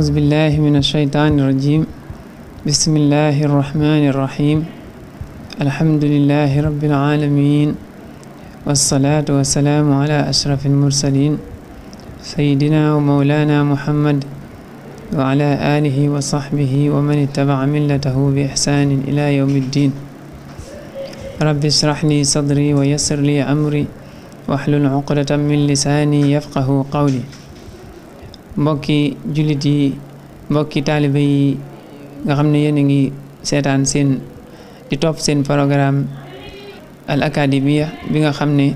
أعوذ بالله من الشيطان الرجيم بسم الله الرحمن الرحيم الحمد لله رب العالمين والصلاة والسلام على أشرف المرسلين سيدنا ومولانا محمد وعلى آله وصحبه ومن اتبع ملته بإحسان إلى يوم الدين رب اشرح لي صدري ويسر لي أمري واحلل عقدة من لساني يفقه قولي mbokki jullit yi mbokki taalibe nga xam ne yéen a ngi seetaan seen di top seen programme al académie bi nga xam ne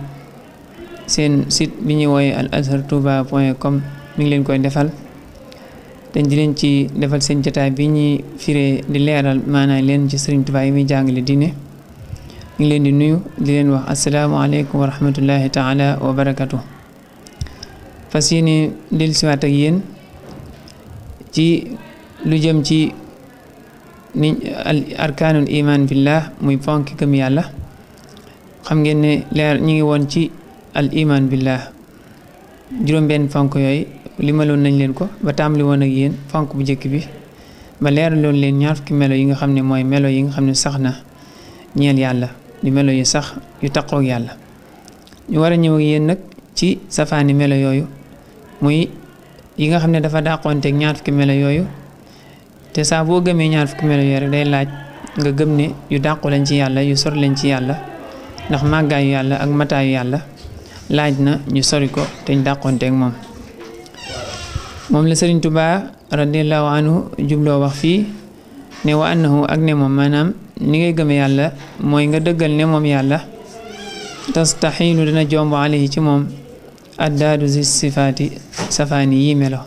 seen sit bi ñuy wooye al azhar touba point com mi ngi leen koy defal dañ di leen ci defal seen jotaay bi ñuy firee di leeral maanaam leen ci Sëriñ Tuubaa yi muy jàngale diine ñu ngi leen di nuyu di leen wax asalaamaaleykum wa rahmatullahi taala wa barakatu fas yéene dellusiwaat ak yéen ci lu jëm ci ni arkaanul iman billah muy ponk gëm yàlla xam ngeen ne leer ñu ngi woon ci al iman billah juróom-benn ponk yooyu limaloon nañ leen ko ba tàmbali woon ak yéen fonk bu njëkk bi ba leeraloon leen ñaar fukki melo yi nga xam ne mooy melo yi nga xam ne sax na ñeel yàlla di melo yi sax yu taqoog yàlla ñu war a ñëw ak yéen ci safaani melo yooyu muy yi nga xam ne dafa dàqoonteeg ñaar fukki melo yooyu te saa boo gëmee ñaar fukki melo yooyu rek day laaj nga gëm ne yu dàqu lañ ci yàlla yu sor leen ci yàlla ndax màggaayu yàlla ak mataayu yàlla laaj na ñu sori ko te ñu moom. moom la Sëriñ tubaa radiyallaahu anhu jubloo wax fii ne wa annahu ak ne moom maanaam ni ngay gëme yàlla mooy nga dëggal ne moom yàlla tastaxiinu dana jomb alayhi ci moom. addaadu si sifaati safaani yi melo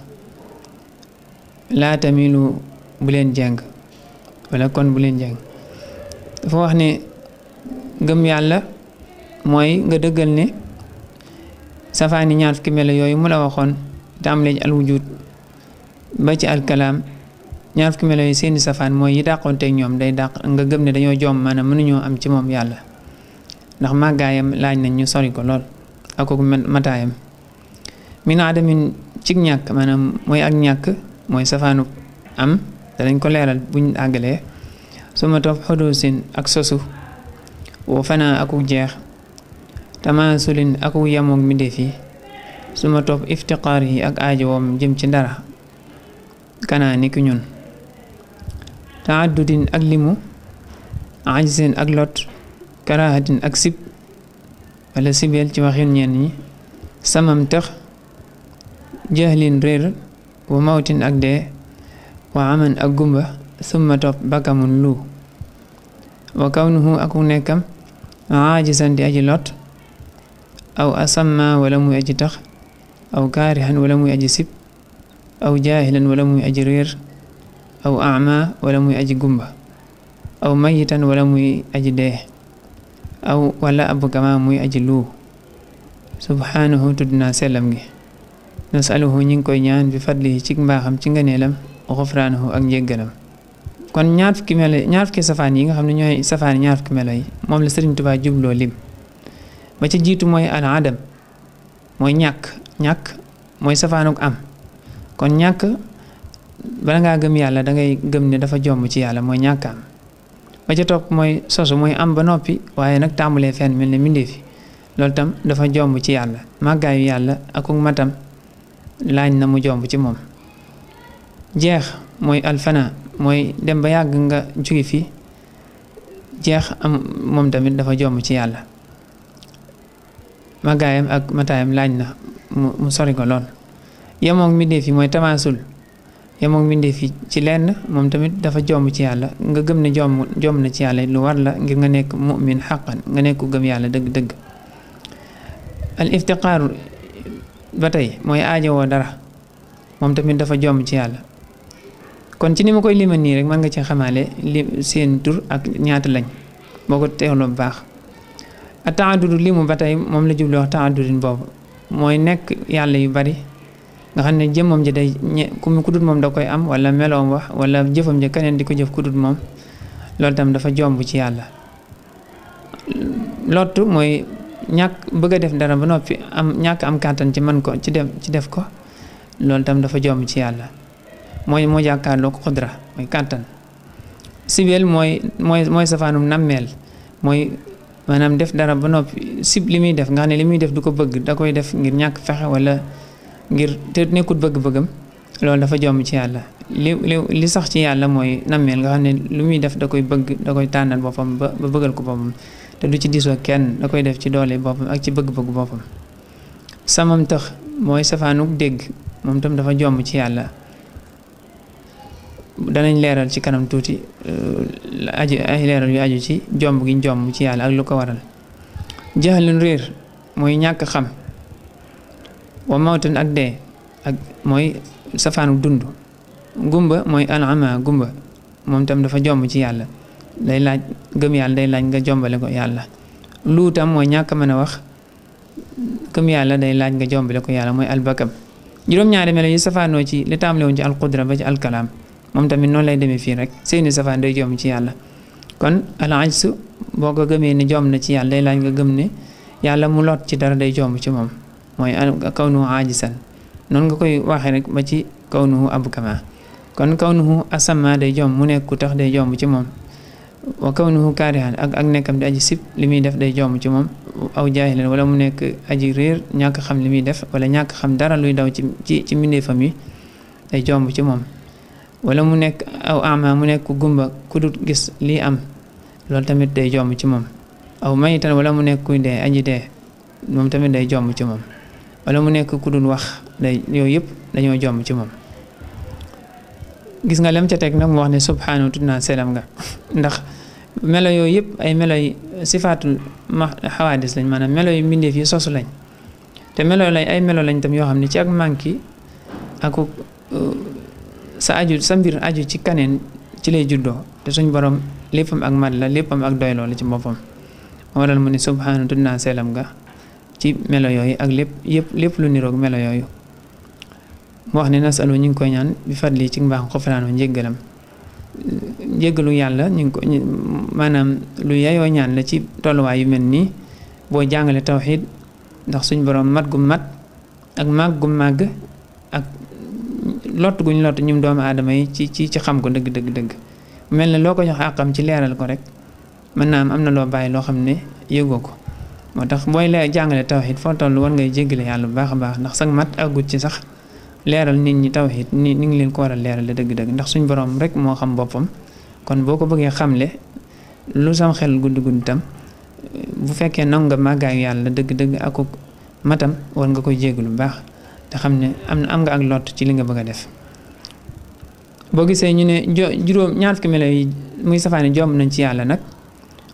laa tamilu buleen leen jàng wala kon bu leen jàng dafa wax ne gëm yàlla mooy nga dëggal ne safaani ñaar fukki melo yooyu mu la waxoon tàmbalee ci alwujud ba ci alkalaam ñaar fukki melo yi seeni safaan mooy yi dàqoonteeg ñoom day dàq nga gëm ne dañoo joom maanaam mënuñoo am ci moom yàlla ndax màggaayam laaj nañ ñu sori ko lool ak ak mataayam min adamin cig ñàkk maanaam mooy ak ñàkk mooy safaanu am danañ ko leeral buñ àggalee suma topp xudusin ak sosu woo fanaa aku jeex tamaasulin aku yamoog mbindéef yi suma topp iftiqaar yi ak aajowoom jëm ci ndara kanaa ni ñun taaddudin ak limu ajsin ak lot karaahatin ak sib wala sibeel ci waxin ñenn ñi samam tëx jahlin réer wa mawtin ak dee wa aman ak gumba summa topp bakamun lu wa kawnuhu ak nekkam aajisan di aji lot aw asamma wala muy aji tax aw kaarihan wala muy aji sib aw jaahilan wala muy aji réer aw ama wala muy aji gumba aw mayitan wala muy aji dee aw wala abu kama muy aji luuhu subhaanahu tudd naa sellam gi nasaluhu ñi ngi koy ñaan bi fadlihi ci mbaaxam ci ngëneelam xufraanahu ak njéggalam kon ñaar fukki melo ñaar fukki safaan yi nga xam ne ñooy safaan ñaar fukki melo moom la Sëriñ Tuubaa jubloo lim ba ca jiitu mooy al adam mooy ñàkk ñàkk mooy safaanuk am kon ñàkk bala ngaa gëm yàlla dangay gëm ne dafa jomb ci yàlla mooy ñàkk am ba ca topp mooy sosu mooy am ba noppi waaye nag tàmbalee fenn mel ne mbindee fi loolu tam dafa jomb ci yàlla màggaayu yàlla akuk matam laaj na mu jomb ci moom jeex mooy alfana mooy dem ba yàgg nga jóge fi jeex am moom tamit dafa jomb ci yàlla màggaayam ak mataayam laaj na mu sori ko lool yemoog mbindee fi mooy tamaasul yemoo mbindeef yi ci lenn moom tamit dafa jomb ci yàlla nga gëm ne jomb jomb na ci yàlla lu war la ngir nga nekk mu'min xaqan nga nekk gëm yàlla dëgg-dëgg al iftiqaaru ba tey mooy aajowoo dara moom tamit dafa jomb ci yàlla kon ci ni ma koy limal nii rek mën nga ci xamaale li seen tur ak ñaata lañ boo ko teewloo bu baax a taadudu limu ba tey moom la jubloo wax taadudin boobu mooy nekk yàlla yu bari nga xam ne jëmmam ji day ñe ku dut moom da koy am wala meloom wax wala jëfam ji keneen di ko jëf ku dut moom loolu tam dafa jomb ci yàlla lottu mooy ñàkk bëgg a def dara ba noppi am ñàkk am kàttan ci man ko ci def ci def ko loolu tam dafa jomb ci yàlla mooy moo jàkkaarloo ko xudra mooy kàttan sibeel mooy mooy mooy safaanum nammeel mooy maanaam def dara ba noppi sib li muy def nga xam ne li muy def du ko bëgg da koy def ngir ñàkk fexe wala ngir te nekkut bëgg-bëggam loolu dafa jomb ci yàlla li sax ci yàlla mooy nammeel nga xam ne lu muy def da koy bëgg da koy tànnal boppam ba ba bëggal ko boppam te du ci diisoo kenn da koy def ci doole boppam ak ci bëgg-bëgg boppam samam tëx mooy safaanug dégg moom tam dafa jomb ci yàlla danañ leeral ci kanam tuuti euh, aju ay leeral yu aju ci jomb giñ jomb ci yàlla ak lu ko waral jaxlun réer mooy ñàkk xam wa mawtan ak dee ak mooy safaanu dund gumba mooy alama gumba moom tam dafa jomb ci yàlla day laaj gëm yàlla day laaj nga jombale ko yàlla luutam mooy ñàkk mën a wax gëm yàlla day laaj nga jombale ko yàlla mooy albakam juróom-ñaari melo yi safaanoo ci li taamle woon ci alqudra ba ci alkalaam moom tamit noonu lay demee fii rek seeni safaan day jomb ci yàlla kon alajsu boo ko gëmee ne jomb na ci yàlla day laaj nga gëm ne yàlla mu lot ci dara day jomb ci moom mooy kawnuhu aajisan noonu nga koy waxee rek ba ci kawnuhu abkama kon kawnuhu asama day jomb mu nekk ku tax day jomb ci moom wa kawnuhu kaarihan ak ak nekkam di aji sib li muy def day jomb ci moom aw jaahilan wala mu nekk aji réer ñàkk xam li muy def wala ñàkk xam dara luy daw ci ci ci mbindeefam yi day jomb ci moom wala mu nekk aw mu nekk gumba ku gis li am loolu tamit day jomb ci moom aw mayitan wala mu nekk kuy dee aji dee moom tamit day jomb ci moom wala mu nekk ku dul wax day yooyu yëpp dañoo jomm ci moom gis nga lem ca teg nag mu wax ne subhaanahu tudd naa selam nga ndax melo yooyu yëpp ay melo yi sifaatu ma xawaadis lañ maanaam melo yu mbindeef yi sosu lañ te melo lañ ay melo lañ tam yoo xam ne ci ak manki ak uh, sa aju sa mbir aju ci kaneen ci lay juddoo te suñ borom léppam ak mat la léppam ak doyloo la ci boppam moo waral mu ne subhaanahu tudd naa selam nga ci melo yooyu ak lépp yëpp lépp lu niroog melo yooyu mu wax ne nasalu ñu ngi koy ñaan bi fadli ci mbaax xofalaanoo njéggalam njéggalu yàlla ñu ngi ko maanaam lu yayoo ñaan la ci tolluwaay yu mel nii boo jàngale tawxiid ndax suñ borom mat gum mat ak màgg gu màgg ak lott guñ lott ñum doomu aadama yi ci ci ci xam ko dëgg dëgg dëgg mel na loo ko jox àqam ci leeral ko rek mën naa am na loo bàyyi loo xam ne yëgoo ko moo tax booy leer jàngale tawxiid foo toll war ngay jéggale yàlla bu baax a baax ndax sag mat àggut ci sax leeral nit ñi tawxiid ni ni ngi leen ko war a leeral dëgg-dëgg ndax suñ borom rek moo xam boppam kon boo ko bëggee xamle lu sam xel gudd gudd tam bu fekkee nangu nga màggaayu yàlla dëgg-dëgg ak matam war nga koy jégalu lu baax te xam ne am na am nga ak lot ci li nga bëgg a def. boo gisee ñu ne juróom ñaar fukki melo yi muy safaani jomb nañ ci yàlla nag.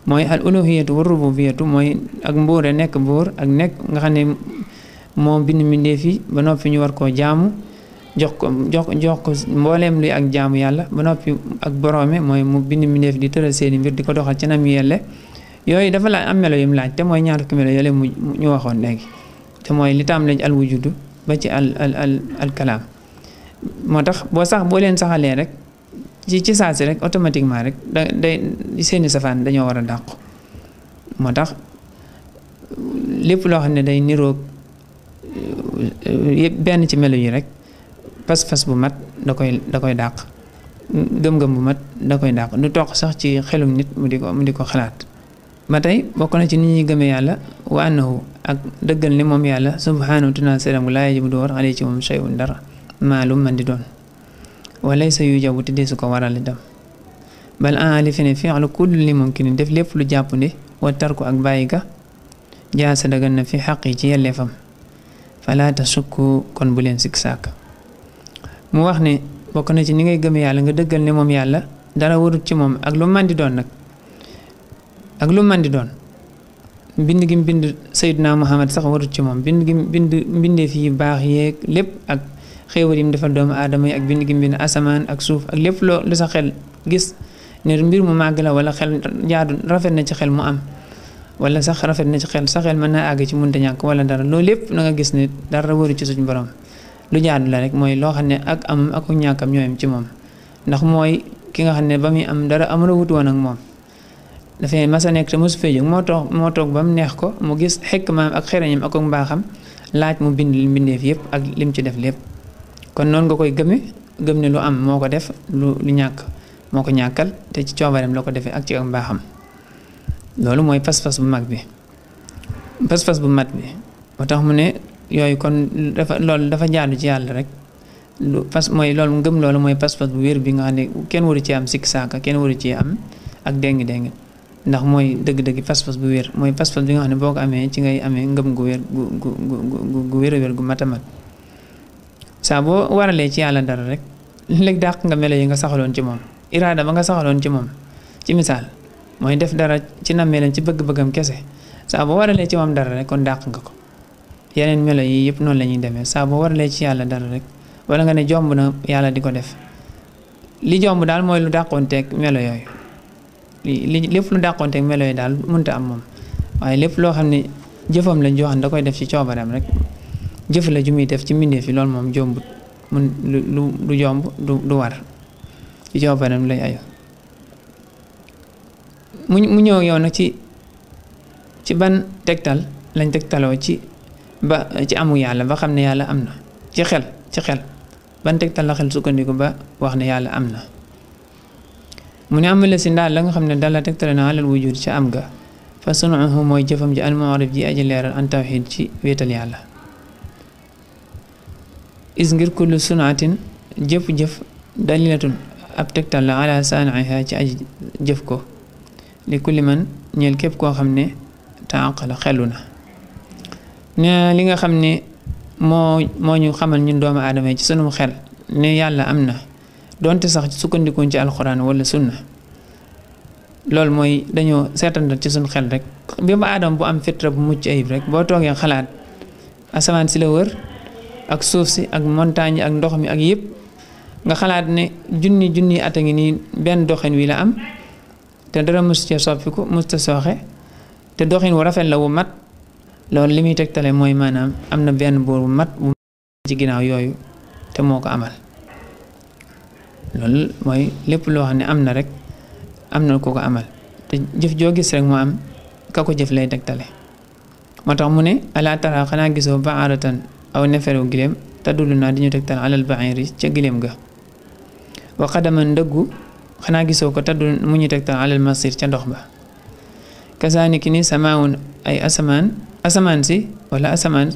mooy al uluhiyatu wa rububiyatu mooy ak mbóore nekk mbóor ak nekk nga xam ne moo bind mbindéef yi ba noppi ñu war koo jaamu jox ko jox jox ko mbooleem luy ak jaamu yàlla ba noppi ak borome mooy mu bind mbindéef di tëral seeni mbir di ko doxal ci nam yelle yooyu dafa laaj am melo yu laaj te mooy ñaar fukki melo yooyu mu ñu waxoon léegi te mooy li taam lañ al wujudu ba ci al al al al kalaam moo tax boo sax boo leen saxalee rek ci ci saa si rek automatiquement rek da day seeni safaan dañoo war a dàqu moo tax lépp loo xam ne day niroog yëpp benn ci melo yi rek pas-pas bu mat da koy da koy dàq gëm-gëm bu mat da koy dàq du toq sax ci xelum nit mu di ko mu di ko xalaat ba tey bokk na ci nit ñuy gëmee yàlla wa annahu ak dëggal ni moom yàlla subhaanahu wa taala seeram laa mu du war alayhi ci moom shay'un dara maalum man di doon walay sa yu jabu te deesu ko waral itam bal an ali fene fi'lu kullu li mumkin def lépp lu jàpp ne wa tarku ak bàyyi ga jaasa dagan na fi xaq yi ci yelleefam falaata sukk kon bu leen sikk sàkk mu wax ne bokk na ci ni ngay gëm yàlla nga dëggal ne moom yàlla dara warut ci moom ak lu mën doon nag ak lu mën di doon bind gi bind Seydina Muhammad sax warut ci moom bind gi bind mbindeef baax yeeg lépp ak xéewal yim defal doomu aadama yi ak bind gi mbind asamaan ak suuf ak lépp loo lu sa xel gis ne mbir mu màgg la wala xel jaadu rafet na ci xel mu am wala sax rafet na ci xel sa xel mën naa àgg ci munta ñàkk wala dara loolu lépp na nga gis ne dara waru ci suñu borom lu jaadu la rek mooy loo xam ne ak amam ak ñàkkam ñooyam ci moom ndax mooy ki nga xam ne ba muy am dara amul wut woon ak moom dafay mas a nekk te su fee jóg moo toog moo toog ba mu neex ko mu gis xekk ak xereñam ak mbaaxam laaj mu bind li mbindeef yëpp ak lim ci def lépp kon noonu nga koy gëme gëm ne lu am moo ko def lu lu ñàkk moo ko ñàkkal te ci coobareem loo ko defee ak ci ak mbaaxam loolu mooy pas-pas bu mag bi pas-pas bu mat bi moo tax mu ne yooyu kon dafa loolu dafa jaadu ci yàlla rek lu pas mooy loolu ngëm loolu mooy pas-pas bu wér bi nga xam ne kenn waru ci am sikk saaka kenn waru ci am ak déng-déng ndax mooy dëgg-dëgg pas-pas bu wér mooy pas-pas bi nga xam ne boo ko amee ci ngay amee ngëm gu wér gu gu gu gu wér a wér gu mat a mat saa boo waralee ci yàlla dara rek léeg dàq nga melo yi nga saxaloon ci moom iraada ba nga saxaloon ci moom ci misaal mooy def dara ci nammeelam ci bëgg-bëggam kese saa boo waralee ci moom dara rek kon dàq nga ko yeneen melo yi yëpp noonu lañuy demee saa boo waralee ci yàlla dara rek wala nga ne jomb na yàlla di ko def li jomb daal mooy lu dàqoonteeg melo yooyu li lépp lu dàqoonteeg melo yooyu daal mënta am moom waaye lépp loo xam ne jëfam lañ joo xam da koy def ci coobareem rek jëf la ju muy def ci mbindeef fi loolu moom jombut mun lu du jomb du war ci coobareem lay ayu mu mu ñëw yow nag ci ci ban tegtal lañ tegtaloo ci ba ci amu yàlla ba xam ne yàlla am na ci xel ci xel ban tegtal la xel sukkandiku ba wax ne yàlla am na mu ne amale si ndaal la nga xam ne dala tegtale na alal wujud ca am ga fa sunuhu mooy jëfam ji almuarif ji aji leeral an tawxid ci wéetal yàlla is ngir kullu sunaatin jëpp jëf dalilatun ab tegtal la ala saaniha ci aj jëf ko li kulli man ñeel képp koo xam ne taaqala xelu na nee li nga xam ne moo moo ñu xamal ñu doomu aadama yi ci sunum xel ne yàlla am na donte sax ci sukkandikuñ ci alxuraan wala sunna loolu mooy dañoo seetantal ci suñ xel rek bi mu aadama bu am fitra bu mucc rek boo toogee xalaat asamaan si la wër ak suuf si ak montagne ak ndox mi ak yépp nga xalaat ne junni junni at a ngi nii benn doxin wi la am te dara mos cee soppiku mos ta sooxe te doxin wu rafet la wu mat loolu li muy tegtale mooy maanaam am na benn buur bu mat bu ci ginnaaw yooyu te moo ko amal loolu lépp loo xam ne am na rek am na ku ko amal te jëf joo gis rek mu am ka ko jëf lay tegtale moo tax mu ne alaa xanaa gisoo baaratan aw neferu giléem taddulu naa di ñu tegtal alal bairi ca giléem ga wa xadama ndëggu xanaa gisoo ko taddul mu ñu tegtal alal masir ca ndox ba kasaani ki ni samaawun ay asamaan asamaan si wala asamaan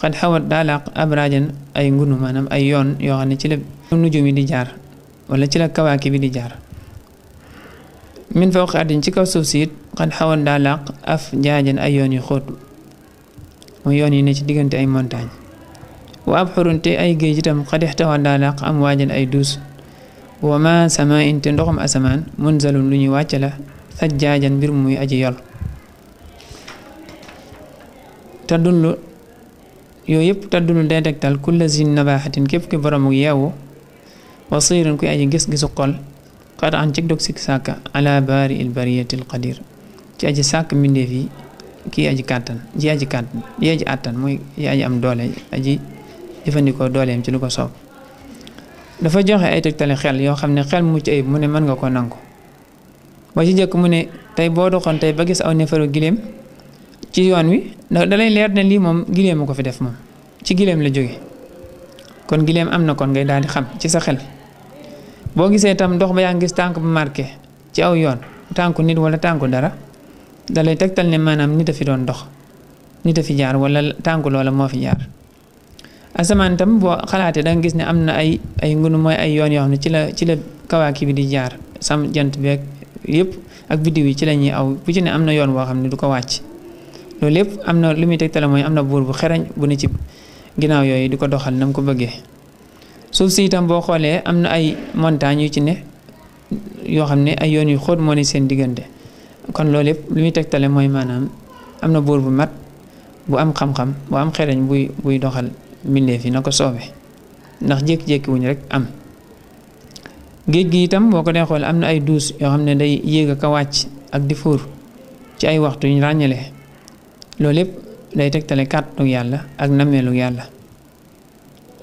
xad daa daalaaq abraajan ay ngunu maanaam ay yoon yoo xam ne ci la nujum di jaar wala ci la kawaaki bi di jaar min fawqi ardin ci kaw suuf si it xad xawat daalaaq af jaajan ay yoon yu xóotu mu yoon yi ne ci diggante ay montagne wa ab xurun te ay géej itam xadix taxoon daa làq am waajan ay duus wa ma sama in te ndoxum asamaan munzalun lu ñuy wàcce la sajjaajan mbir muy aji yor taddulu yooyu yëpp taddulu day tegtal kulla zin nabaaxatin képp ki borom ak yeewu wasiirun kuy aji gis-gisu xol xat an cig dog sik sàkka ala baari il bariyatil qadir ci aji sàkk mbindeef yi kii aji kàttan ji aji kàttan ji aji mooy ji aji am doole aji jëfandikoo dooleem ci lu ko soow dafa joxe ay tegtali xel yoo xam ne xel mucc ayib mu ne mën nga ko nangu ba ci jëkk mu ne tey boo doxoon tey ba gis aw neefaru giléem ci yoon wi da dalay leer ne lii moom giléem a ko fi def moom ci giléem la jóge kon giléem am na kon ngay daal di xam ci sa xel boo gisee tam dox ba yaa ngis gis tànk bu ci aw yoon tànku nit wala tànku dara dalay tegtal ne maanaam nit a fi doon dox nit a fi jaar wala tànku loola moo fi jaar asamaan tam boo xalaatee da gis ne am na ay ay ngunu mooy ay yoon yoo xam ne ci la ci la kawaaki bi di jaar sam jant beeg yëpp ak biddiw yi ci la ñuy aw bu ci ne am na yoon boo xam ne du ko wàcc loolu yëpp am na lu muy tegtale mooy am na buur bu xereñ bu ne ci ginnaaw yooyu di ko doxal na ko bëggee suuf si boo xoolee am na ay montagnes yu ci ne yoo xam ne ay yoon yu xóot moo ne seen diggante kon loolu yëpp lu muy tegtale mooy maanaam am na buur bu mat bu am xam-xam bu am xereñ buy buy doxal mbindeef yi na ko soobee ndax jékki jékkiwuñ wuñ rek am géej gi itam boo ko dee xool am na ay duus yoo xam ne day yéeg ak a wàcc ak di fuur ci ay waxtu yu ñu ràññale loolu lépp day tegtale kàttanu yàlla ak nammeelu yàlla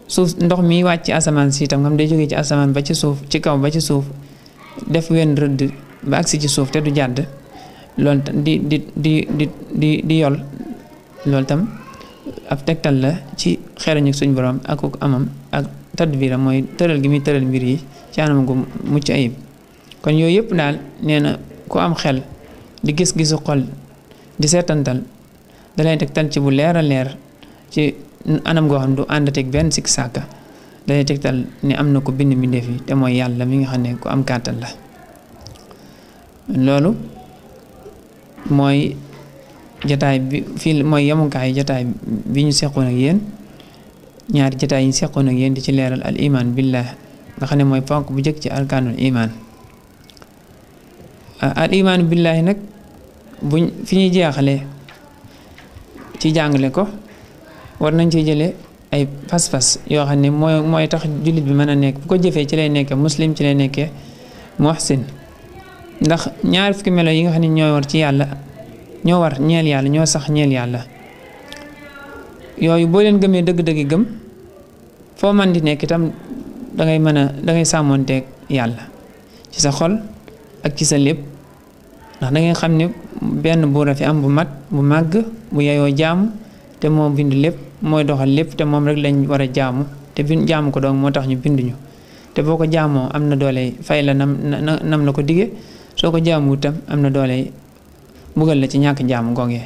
suuf ndox mi wàcc ci asamaan si itam nga day jóge ci asamaan ba ci suuf ci kaw ba ci suuf def wenn rëdd ba agsi ci suuf te du jàdd loolu di di di di di yol lool tam ab tegtal la ci xerañu suñ borom ak ko amam ak tadbira mooy tëral gi muy tëral mbir yi ci anam gu mucc ayib kon yooyu yëpp daal nee na ku am xel di gis-gisu xol di seetantal da lay tegtal ci bu leer a leer ci anam goo xam du àndateeg benn sikk sàkka da lay tegtal ni am na ko bind mbindeef yi te mooy yàlla mi ngi xam ne ku am kàttan la loolu mooy jataay bi fii mooy yamukaay jataay bi ñu seqoon ak yéen ñaar jataay yi ñu seqoon ak yéen di ci leeral al iman billah nga xam ne mooy ponk bu njëkk ci arkaanul imaan ah, al iman billahi nag buñ fi ñuy jeexale ci jàngale ko war nañ ci jële ay pas-pas yoo xam ne mooy mooy tax jullit bi mën a nekk bu ko jëfee ci lay nekkee muslim ci lay nekkee muhsin ndax ñaar fukki melo yi nga xam ne ñooy ci yàlla ñoo war ñeel yàlla ñoo sax ñeel yàlla yooyu boo leen gëmee dëgg-dëgg gëm foo man di nekk itam dangay mën a dangay sàmmoonteeg yàlla ci sa xol ak ci sa lépp ndax dangay xam ne benn buur a fi am bu mat bu màgg bu yeyoo jaamu te moom bind lépp mooy doxal lépp te moom rek lañ war a jaamu te bind jaamu ko doon moo tax ñu binduñu te boo ko jaamoo am na doole fay la nam nam na ko dige soo ko jaamu itam am na doole mbugal la ci ñàkk jaamu googee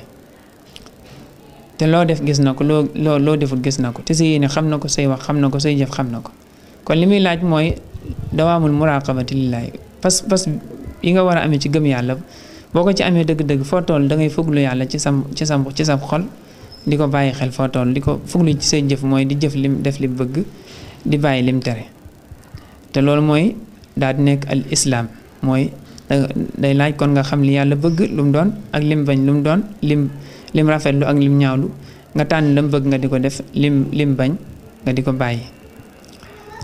te loo def gis na ko loo loo deful gis na ko te sa yéene xam na ko say wax xam na ko say jëf xam na ko kon li muy laaj mooy dawaamul muraqabati lillaahi pas pas yi nga war a amee ci gëm yàlla boo ko ci amee dëgg-dëgg foo toll da ngay fuglu yàlla ci sam ci sam ci sam xol di ko bàyyi xel foo toll di ko fuglu ci say jëf mooy di jëf lim def li bëgg di bàyyi lim tere te loolu mooy daal di nekk al islaam mooy day laaj kon nga xam li yàlla bëgg lu mu doon ak lim bañ lu mu doon lim lim rafetlu ak lim ñaawlu nga tànn lam bëgg nga di ko def lim lim bañ nga di ko bàyyi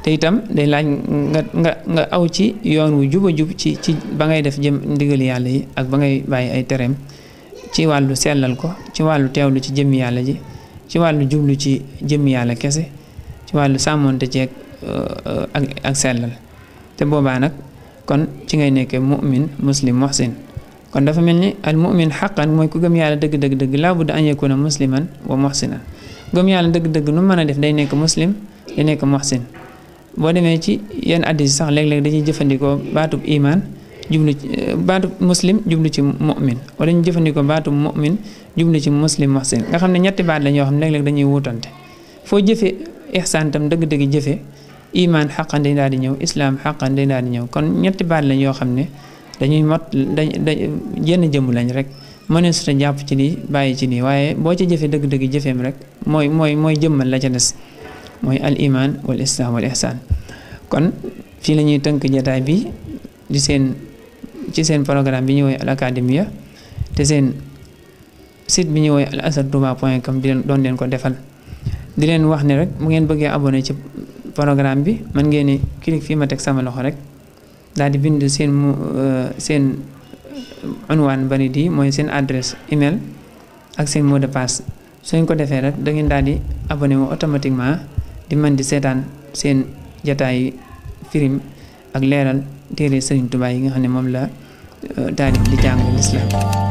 te itam day laaj nga nga nga aw ci yoon wu juba jub ci ci ba ngay def jëm ndigal yàlla yi ak ba ngay bàyyi ay tereem ci wàllu sellal ko ci wàllu teew lu ci jëmm yàlla ji ci wàllu jublu ci jëmm yàlla kese ci wàllu sàmmoonte ci euh, ak ak sellal te boobaa nag kon ci ngay nekkee mu'min muslim muhsin kon dafa mel ni al mu'min xaqan mooy ku gëm yàlla dëgg dëgg dëgg laa budda an yakuna musliman wa muhsinan gëm yàlla dëgg dëgg nu mën a def day nekk muslim day nekk muhsin boo demee ci yenn addis sax léeg-léeg dañuy jëfandikoo baatub iman jublu ci euh, baatub muslim jublu ci mu'min wala ñu jëfandikoo baatub ci muslim muhsin nga xam ne ñetti baat la ñoo xam ne léeg-léeg dañuy wutante foo jëfe ihsaan tam dëgg-dëgg jëfe iman xaqan day daal di ñëw islam xaqan day daal di ñëw kon ñetti baat lañ yoo xam ne dañuy mot dañ dañ jenn jëmm lañ rek mënees te jàpp ci lii bàyyi ci lii waaye boo ci jëfee dëgg-dëgg jëfeem rek mooy mooy mooy jëmmal la ca des mooy al iman wal islam wal kon fii la ñuy tënk jataay bi di seen ci seen programme bi ñu woy te seen sit bi ñëwooy woy al azhartouba point com di leen doon leen ko defal di leen wax ne rek bu ngeen bëggee abonné ci programme bi man ngeen ni clic fii ma teg sama loxo rek daal di bind seen mu euh, seen unwaan bari di mooy seen adresse email ak seen mot de passe suñ ko defee rek da ngeen daal di abonné wu automatiquement di man di seetaan seen jataayu firim ak leeral téere Sëriñ Tuubaa yi nga xam ne moom la daal euh, di jàng lislaam